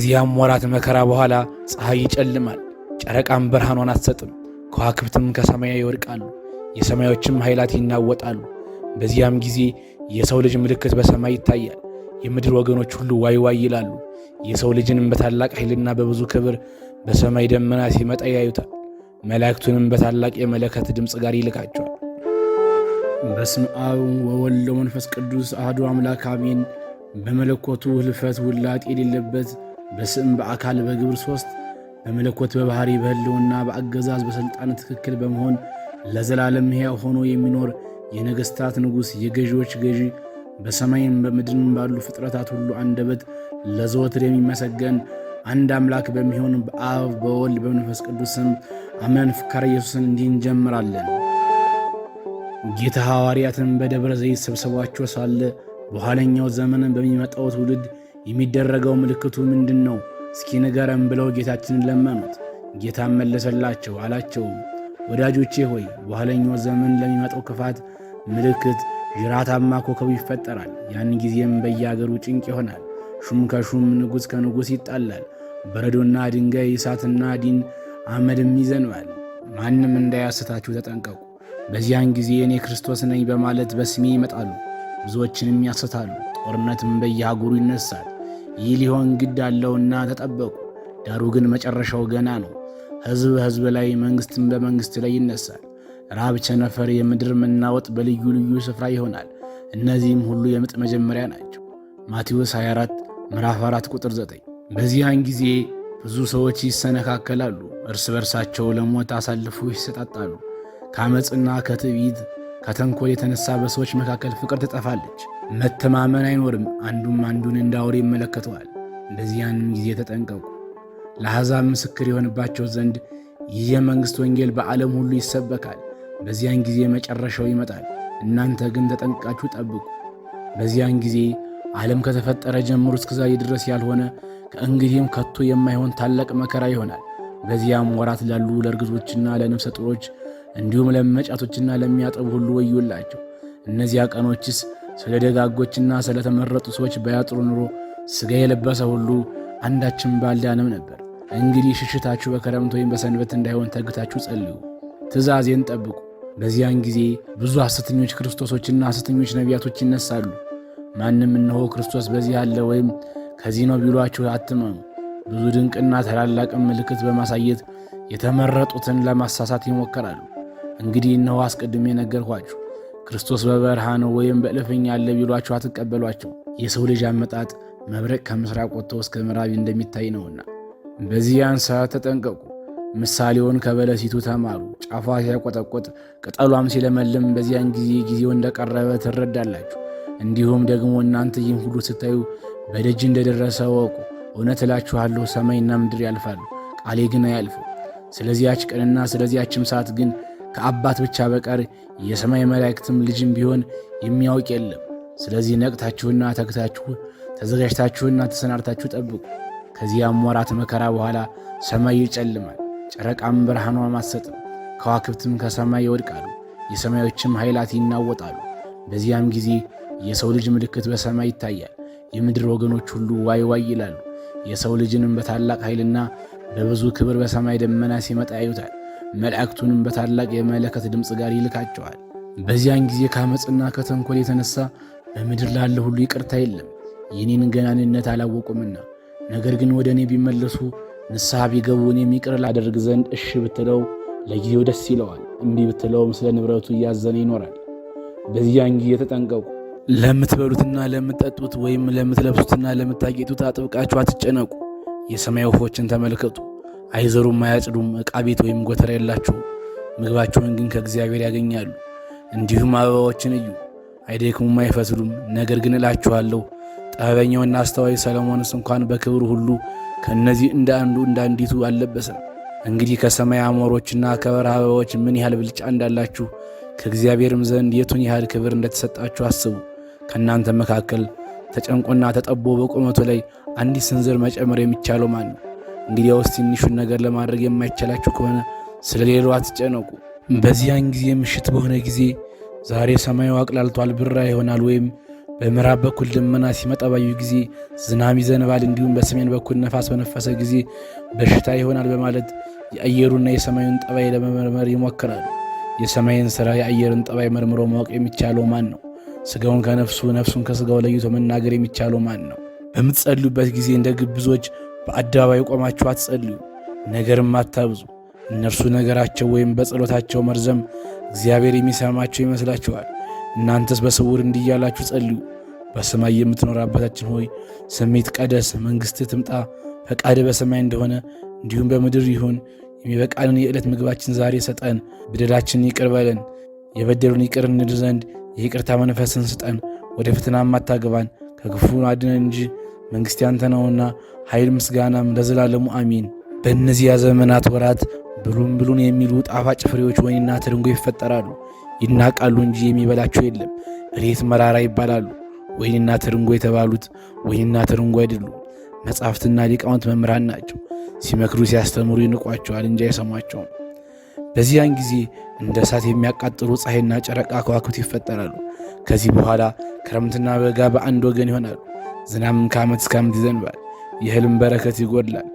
ከዚያም ወራት መከራ በኋላ ፀሐይ ይጨልማል፣ ጨረቃም ብርሃኗን አትሰጥም፣ ከዋክብትም ከሰማይ ይወድቃሉ፣ የሰማዮችም ኃይላት ይናወጣሉ። በዚያም ጊዜ የሰው ልጅ ምልክት በሰማይ ይታያል። የምድር ወገኖች ሁሉ ዋይ ዋይ ይላሉ። የሰው ልጅንም በታላቅ ኃይልና በብዙ ክብር በሰማይ ደመና ሲመጣ ያዩታል። መላእክቱንም በታላቅ የመለከት ድምፅ ጋር ይልካቸዋል። በስም አብ ወወልድ ወመንፈስ ቅዱስ አህዱ አምላክ አሜን። በመለኮቱ ህልፈት ውላጥ የሌለበት በስም በአካል በግብር ሦስት በመለኮት በባሕሪ በሕልውና በአገዛዝ በሥልጣን ትክክል በመሆን ለዘላለም ሕያው ሆኖ የሚኖር የነገሥታት ንጉሥ የገዢዎች ገዢ በሰማይም በምድርም ባሉ ፍጥረታት ሁሉ አንደበት ለዘወትር የሚመሰገን አንድ አምላክ በሚሆን በአብ በወልድ በመንፈስ ቅዱስ ስም አምነን ፍካረ ኢየሱስን እንዲህ እንጀምራለን። ጌታ ሐዋርያትን በደብረ ዘይት ሰብስቧቸው ሳለ በኋለኛው ዘመን በሚመጣው ትውልድ የሚደረገው ምልክቱ ምንድን ነው? እስኪ ንገረን ብለው ጌታችንን ለመኑት። ጌታም መለሰላቸው አላቸውም፣ ወዳጆቼ ሆይ በኋለኛው ዘመን ለሚመጣው ክፋት ምልክት ጅራታማ ኮከብ ይፈጠራል። ያን ጊዜም በየአገሩ ጭንቅ ይሆናል። ሹም ከሹም ንጉሥ ከንጉሥ ይጣላል። በረዶና ድንጋይ እሳትና ዲን አመድም ይዘንባል። ማንም እንዳያስታችሁ ተጠንቀቁ። በዚያን ጊዜ እኔ ክርስቶስ ነኝ በማለት በስሜ ይመጣሉ፣ ብዙዎችንም ያስታሉ። ጦርነትም በየአገሩ ይነሳል። ይህ ሊሆን ግድ አለውና ተጠበቁ። ዳሩ ግን መጨረሻው ገና ነው። ሕዝብ በሕዝብ ላይ፣ መንግሥትም በመንግሥት ላይ ይነሳል። ራብ፣ ቸነፈር፣ የምድር መናወጥ በልዩ ልዩ ስፍራ ይሆናል። እነዚህም ሁሉ የምጥ መጀመሪያ ናቸው። ማቴዎስ 24 ምዕራፍ 4 ቁጥር 9። በዚያን ጊዜ ብዙ ሰዎች ይሰነካከላሉ፣ እርስ በርሳቸው ለሞት አሳልፉ ይሰጣጣሉ። ከአመፅና ከትዕቢት ከተንኮል የተነሳ በሰዎች መካከል ፍቅር ትጠፋለች። መተማመን አይኖርም። አንዱም አንዱን እንደ አውሬ ይመለከተዋል። በዚያንም ጊዜ ተጠንቀቁ፣ ለአሕዛብ ምስክር የሆንባቸው ዘንድ ይህ የመንግሥት ወንጌል በዓለም ሁሉ ይሰበካል፣ በዚያን ጊዜ መጨረሻው ይመጣል። እናንተ ግን ተጠንቅቃችሁ ጠብቁ። በዚያን ጊዜ ዓለም ከተፈጠረ ጀምሮ እስከ ድረስ ያልሆነ ከእንግዲህም ከቶ የማይሆን ታላቅ መከራ ይሆናል። በዚያም ወራት ላሉ ለእርግዞችና ለነፍሰ ጡሮች እንዲሁም ለመጫቶችና ለሚያጠቡ ሁሉ ወዮላቸው። እነዚያ ቀኖችስ ስለ ደጋጎችና ስለ ተመረጡ ሰዎች በያጥሩ ኑሮ ሥጋ የለበሰ ሁሉ አንዳችን ባልዳነም ነበር። እንግዲህ ሽሽታችሁ በከረምት ወይም በሰንበት እንዳይሆን ተግታችሁ ጸልዩ፣ ትእዛዜን ጠብቁ። በዚያን ጊዜ ብዙ ሐሰተኞች ክርስቶሶችና ሐሰተኞች ነቢያቶች ይነሳሉ። ማንም እነሆ ክርስቶስ በዚህ አለ ወይም ከዚህ ነው ቢሏችሁ አትመኑ። ብዙ ድንቅና ታላላቅም ምልክት በማሳየት የተመረጡትን ለማሳሳት ይሞከራሉ። እንግዲህ እነሆ አስቀድሜ ነገርኳችሁ ክርስቶስ በበረሃ ነው ወይም በእልፍኝ አለ ቢሏቸው አትቀበሏቸው። የሰው ልጅ አመጣጥ መብረቅ ከምስራቅ ወጥቶ እስከ ምዕራብ እንደሚታይ ነውና፣ በዚያን ሰዓት ተጠንቀቁ። ምሳሌውን ከበለሲቱ ተማሩ። ጫፏ ሲያቆጠቆጥ ቅጠሏም ሲለመልም በዚያን ጊዜ ጊዜው እንደቀረበ ትረዳላችሁ። እንዲሁም ደግሞ እናንተ ይህን ሁሉ ስታዩ በደጅ እንደደረሰ ወቁ። እውነት እላችኋለሁ ሰማይና ምድር ያልፋሉ፣ ቃሌ ግን አያልፉ። ስለዚያች ቀንና ስለዚያችም ሰዓት ግን ከአባት ብቻ በቀር የሰማይ መላእክትም ልጅም ቢሆን የሚያውቅ የለም። ስለዚህ ነቅታችሁና ተግታችሁ ተዘጋጅታችሁና ተሰናድታችሁ ጠብቁ። ከዚያም ወራት መከራ በኋላ ሰማይ ይጨልማል፣ ጨረቃም ብርሃኗ አትሰጥም፣ ከዋክብትም ከሰማይ ይወድቃሉ፣ የሰማዮችም ኃይላት ይናወጣሉ። በዚያም ጊዜ የሰው ልጅ ምልክት በሰማይ ይታያል። የምድር ወገኖች ሁሉ ዋይ ዋይ ይላሉ። የሰው ልጅንም በታላቅ ኃይልና በብዙ ክብር በሰማይ ደመና ሲመጣ ያዩታል። መላእክቱንም በታላቅ የመለከት ድምፅ ጋር ይልካቸዋል። በዚያን ጊዜ ከአመፅና ከተንኮል የተነሳ በምድር ላለ ሁሉ ይቅርታ የለም፣ የኔን ገናንነት አላወቁምና። ነገር ግን ወደ እኔ ቢመለሱ ንስሐ ቢገቡ እኔም ይቅር ላደርግ ዘንድ እሺ ብትለው ለጊዜው ደስ ይለዋል፣ እምቢ ብትለውም ስለ ንብረቱ እያዘነ ይኖራል። በዚያን ጊዜ ተጠንቀቁ። ለምትበሉትና ለምትጠጡት ወይም ለምትለብሱትና ለምታጌጡት አጥብቃችሁ አትጨነቁ። የሰማይ ወፎችን ተመልከቱ አይዘሩም አያጭዱም፣ ዕቃ ቤት ወይም ጎተራ የላቸውም። ምግባቸውን ግን ከእግዚአብሔር ያገኛሉ። እንዲሁም አበባዎችን እዩ፣ አይደክሙም፣ አይፈትሉም። ነገር ግን እላችኋለሁ ጥበበኛውና አስተዋይ ሰለሞንስ እንኳን በክብሩ ሁሉ ከእነዚህ እንደ አንዱ እንደ አንዲቱ አልለበሰም። እንግዲህ ከሰማይ አሞሮችና ከበረሃ አበባዎች ምን ያህል ብልጫ እንዳላችሁ ከእግዚአብሔርም ዘንድ የቱን ያህል ክብር እንደተሰጣችሁ አስቡ። ከእናንተ መካከል ተጨንቆና ተጠቦ በቁመቱ ላይ አንዲት ስንዝር መጨመር የሚቻለው ማን ነው? እንግዲያውስ ትንሹን ነገር ለማድረግ የማይቻላችሁ ከሆነ ስለ ሌሎ አትጨነቁ። በዚያን ጊዜ ምሽት በሆነ ጊዜ ዛሬ ሰማዩ አቅላልቷል፣ ብራ ይሆናል ወይም በምዕራብ በኩል ደመና ሲመጣ ባዩ ጊዜ ዝናብ ይዘንባል፣ እንዲሁም በሰሜን በኩል ነፋስ በነፈሰ ጊዜ በሽታ ይሆናል በማለት የአየሩና የሰማዩን ጠባይ ለመመርመር ይሞክራሉ። የሰማይን ስራ የአየርን ጠባይ መርምሮ ማወቅ የሚቻለው ማን ነው? ስጋውን ከነፍሱ ነፍሱን ከስጋው ለይቶ መናገር የሚቻለው ማን ነው? በምትጸሉበት ጊዜ እንደ ግብዞች በአደባባይ ቆማችሁ አትጸልዩ፣ ነገርም አታብዙ። እነርሱ ነገራቸው ወይም በጸሎታቸው መርዘም እግዚአብሔር የሚሰማቸው ይመስላችኋል። እናንተስ በስውር እንዲያላችሁ ጸልዩ። በሰማይ የምትኖር አባታችን ሆይ ስምህ ይትቀደስ፣ መንግሥትህ ትምጣ፣ ፈቃድህ በሰማይ እንደሆነ እንዲሁም በምድር ይሁን። የሚበቃንን የዕለት ምግባችን ዛሬ ሰጠን፣ በደላችንን ይቅር በለን የበደሉን ይቅር እንል ዘንድ የይቅርታ መንፈስን ስጠን፣ ወደ ፈተናም አታግባን ከክፉን አድነን እንጂ መንግሥት ያንተ ነውና ኃይል፣ ምስጋናም ለዘላለሙ አሚን። በእነዚያ ዘመናት ወራት ብሉን ብሉን የሚሉ ጣፋጭ ፍሬዎች ወይንና ትርንጎ ይፈጠራሉ፣ ይናቃሉ እንጂ የሚበላቸው የለም። እሬት መራራ ይባላሉ። ወይንና ትርንጎ የተባሉት ወይንና ትርንጎ አይደሉም፣ መጻሕፍትና ሊቃውንት መምህራን ናቸው። ሲመክሩ ሲያስተምሩ ይንቋቸዋል እንጂ አይሰሟቸውም። በዚያን ጊዜ እንደ እሳት የሚያቃጥሉ ፀሐይና ጨረቃ ከዋክብት ይፈጠራሉ። ከዚህ በኋላ ክረምትና በጋ በአንድ ወገን ይሆናሉ። ዝናብም ከዓመት እስከ ዓመት ይዘንባል። የእህልም በረከት ይጎድላል፣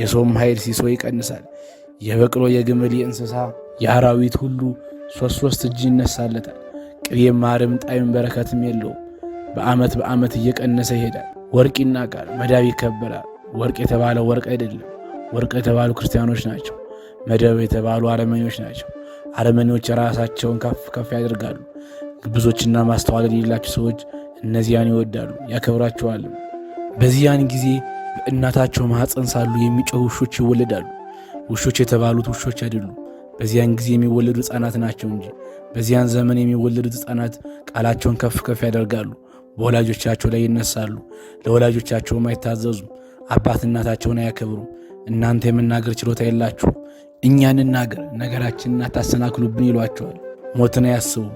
የሰውም ኃይል ሲሶ ይቀንሳል። የበቅሎ፣ የግመል፣ የእንስሳ፣ የአራዊት ሁሉ ሶስት ሶስት እጅ ይነሳለታል። ቅቤም ማርም ጣይም በረከትም የለውም። በዓመት በዓመት እየቀነሰ ይሄዳል። ወርቅ ይናቃል፣ መዳብ ይከበራል። ወርቅ የተባለ ወርቅ አይደለም። ወርቅ የተባሉ ክርስቲያኖች ናቸው። መደብ የተባሉ አረመኔዎች ናቸው። አረመኔዎች የራሳቸውን ከፍ ከፍ ያደርጋሉ። ግብዞችና ማስተዋል የሌላቸው ሰዎች እነዚያን ይወዳሉ ያከብራቸዋልም በዚያን ጊዜ በእናታቸው ማኅፀን ሳሉ የሚጮው ውሾች ይወለዳሉ። ውሾች የተባሉት ውሾች አይደሉም፣ በዚያን ጊዜ የሚወለዱ ሕፃናት ናቸው እንጂ። በዚያን ዘመን የሚወለዱት ሕፃናት ቃላቸውን ከፍ ከፍ ያደርጋሉ፣ በወላጆቻቸው ላይ ይነሳሉ፣ ለወላጆቻቸውም አይታዘዙም፣ አባት እናታቸውን አያከብሩም። እናንተ የመናገር ችሎታ የላችሁ እኛ እንናገር፣ ነገራችንን አታሰናክሉብን ይሏቸዋል። ሞትን አያስቡም።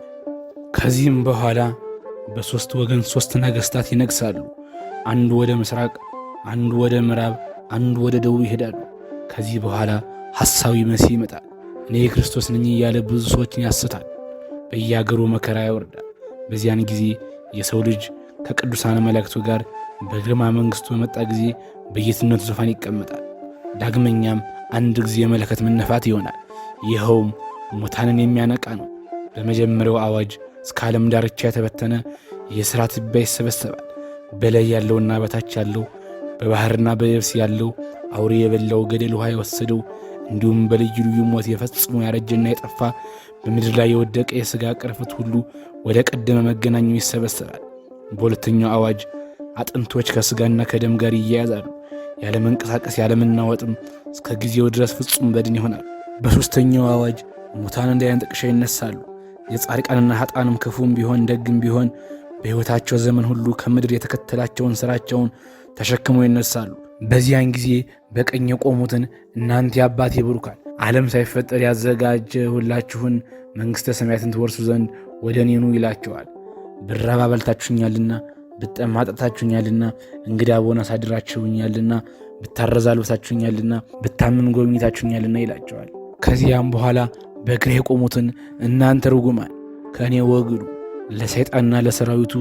ከዚህም በኋላ በሦስት ወገን ሦስት ነገሥታት ይነግሳሉ። አንዱ ወደ ምሥራቅ፣ አንዱ ወደ ምዕራብ፣ አንዱ ወደ ደቡብ ይሄዳሉ። ከዚህ በኋላ ሐሳዊ መሲህ ይመጣል። እኔ የክርስቶስ ነኝ እያለ ብዙ ሰዎችን ያስታል። በያገሩ መከራ ያወርዳል። በዚያን ጊዜ የሰው ልጅ ከቅዱሳን መላእክቱ ጋር በግርማ መንግሥቱ በመጣ ጊዜ በጌትነቱ ዙፋን ይቀመጣል። ዳግመኛም አንድ ጊዜ የመለከት መነፋት ይሆናል። ይኸውም ሙታንን የሚያነቃ ነው። በመጀመሪያው አዋጅ እስከ ዓለም ዳርቻ የተበተነ የሥራ ትቢያ ይሰበሰባል። በላይ ያለውና በታች ያለው በባሕርና በየብስ ያለው አውሬ የበላው ገደል ውሃ የወሰደው እንዲሁም በልዩ ልዩ ሞት የፈጽሞ ያረጀና የጠፋ በምድር ላይ የወደቀ የሥጋ ቅርፍት ሁሉ ወደ ቀደመ መገናኛው ይሰበሰባል። በሁለተኛው አዋጅ አጥንቶች ከሥጋና ከደም ጋር ይያያዛሉ። ያለመንቀሳቀስ መናወጥም እስከ ጊዜው ድረስ ፍጹም በድን ይሆናል። በሦስተኛው አዋጅ ሙታን እንዳያንጠቅሻ ይነሳሉ። የጻድቃንና ኃጣንም ክፉም ቢሆን ደግም ቢሆን በሕይወታቸው ዘመን ሁሉ ከምድር የተከተላቸውን ሥራቸውን ተሸክሞ ይነሳሉ። በዚያን ጊዜ በቀኝ የቆሙትን እናንተ የአባቴ ብሩካን ዓለም ሳይፈጠር ያዘጋጀ ሁላችሁን መንግሥተ ሰማያትን ትወርሱ ዘንድ ወደ እኔኑ ይላቸዋል። ብራብ አበልታችሁኛልና፣ ብጠማ አጠጣችሁኛልና፣ እንግዳ በሆነ አሳድራችሁኛልና፣ ብታረዛ አልብሳችሁኛልና፣ ብታመም ጎብኝታችሁኛልና ይላቸዋል። ከዚያም በኋላ በእግሬ የቆሙትን እናንተ ርጉማን ከእኔ ወግዱ፣ ለሰይጣንና ለሰራዊቱ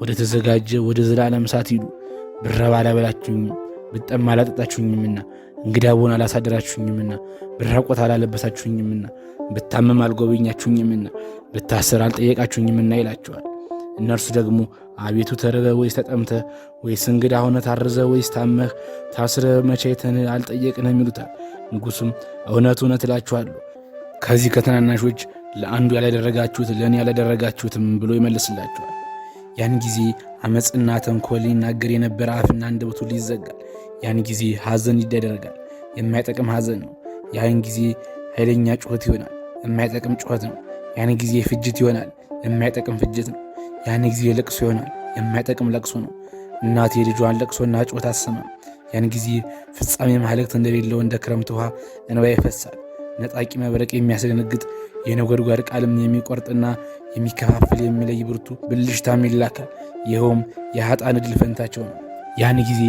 ወደ ተዘጋጀ ወደ ዘላለም እሳት ሂዱ። ብራብ አላበላችሁኝም፣ ብጠማ አላጠጣችሁኝምና፣ እንግዳ ብሆን አላሳደራችሁኝምና፣ ብራቆት አላለበሳችሁኝምና፣ ብታመም አልጎበኛችሁኝምና፣ ብታስር አልጠየቃችሁኝምና ይላቸዋል። እነርሱ ደግሞ አቤቱ ተርበ ወይስ ተጠምተ ወይስ እንግዳ ሆነ ታርዘ ወይስ ታመህ ታስረ መቼ አልጠየቅንም ይሉታል። ንጉሱም እውነት እውነት እላችኋለሁ ከዚህ ከትናናሾች ለአንዱ ያላደረጋችሁት ለእኔ ያላደረጋችሁትም ብሎ ይመልስላችኋል። ያን ጊዜ አመፅና ተንኮል ይናገር የነበረ አፍና አንደበቱ ይዘጋል። ያን ጊዜ ሐዘን ይደረጋል። የማይጠቅም ሐዘን ነው። ያን ጊዜ ኃይለኛ ጩኸት ይሆናል። የማይጠቅም ጩኸት ነው። ያን ጊዜ ፍጅት ይሆናል። የማይጠቅም ፍጅት ነው። ያን ጊዜ ለቅሶ ይሆናል። የማይጠቅም ለቅሶ ነው። እናት የልጇን ለቅሶና ጩኸት አሰማም ያን ጊዜ ፍጻሜ ማህለክት እንደሌለው እንደ ክረምት ውሃ እንባ ይፈሳል። ነጣቂ መብረቅ የሚያስደነግጥ የነጎድጓድ ቃልም የሚቆርጥና የሚከፋፍል የሚለይ ብርቱ ብልሽታም ይላካል። ይኸውም የሀጣን ድል ፈንታቸው ነው። ያን ጊዜ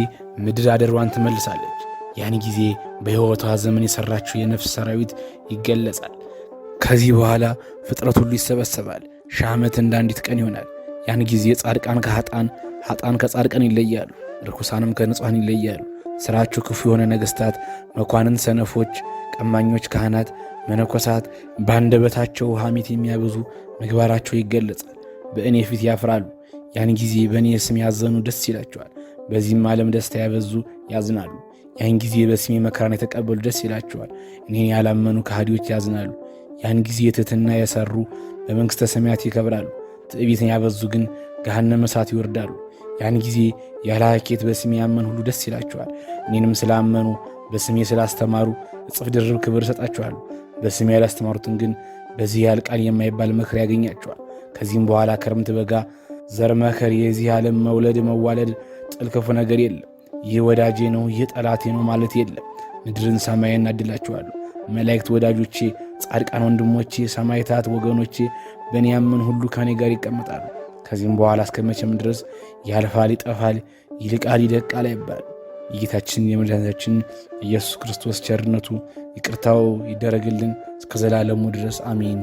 ምድር አደሯን ትመልሳለች። ያን ጊዜ በሕይወቷ ዘመን የሠራችው የነፍስ ሰራዊት ይገለጻል። ከዚህ በኋላ ፍጥረት ሁሉ ይሰበሰባል። ሺህ ዓመት እንደ አንዲት ቀን ይሆናል። ያን ጊዜ ጻድቃን ከኃጥአን፣ ኃጥአን ከጻድቃን ይለያሉ፣ ርኩሳንም ከንጹሐን ይለያሉ። ሥራችሁ ክፉ የሆነ ነገሥታት፣ መኳንን፣ ሰነፎች፣ ቀማኞች፣ ካህናት፣ መነኮሳት በአንደበታቸው ሐሜት የሚያበዙ ምግባራቸው ይገለጻል። በእኔ ፊት ያፍራሉ። ያን ጊዜ በእኔ ስም ያዘኑ ደስ ይላቸዋል። በዚህም ዓለም ደስታ ያበዙ ያዝናሉ። ያን ጊዜ በስሜ መከራን የተቀበሉ ደስ ይላቸዋል። እኔን ያላመኑ ከሃዲዎች ያዝናሉ። ያን ጊዜ ትሕትና የሠሩ በመንግሥተ ሰማያት ይከብራሉ። ትዕቢትን ያበዙ ግን ገሃነመ እሳት ይወርዳሉ። ያን ጊዜ ያላቄት በስሜ ያመን ሁሉ ደስ ይላቸዋል። እኔንም ስላመኑ በስሜ ስላስተማሩ እጽፍ ድርብ ክብር እሰጣቸዋለሁ። በስሜ ያላስተማሩትን ግን በዚህ ያህል ቃል የማይባል መከራ ያገኛቸዋል። ከዚህም በኋላ ክረምት፣ በጋ፣ ዘር፣ መከር፣ የዚህ ዓለም መውለድ፣ መዋለድ፣ ጥል፣ ክፉ ነገር የለም። ይህ ወዳጄ ነው፣ ይህ ጠላቴ ነው ማለት የለም። ምድርን ሰማይ እናድላቸዋለሁ። መላእክት ወዳጆቼ፣ ጻድቃን ወንድሞቼ፣ ሰማይታት ወገኖቼ፣ በእኔ ያምን ሁሉ ከኔ ጋር ይቀመጣሉ። ከዚህም በኋላ እስከ መቼም ድረስ ያልፋል፣ ይጠፋል፣ ይልቃል፣ ይደቃል አይባል። የጌታችን የመድኃኒታችን ኢየሱስ ክርስቶስ ቸርነቱ ይቅርታው ይደረግልን እስከ ዘላለሙ ድረስ አሜን።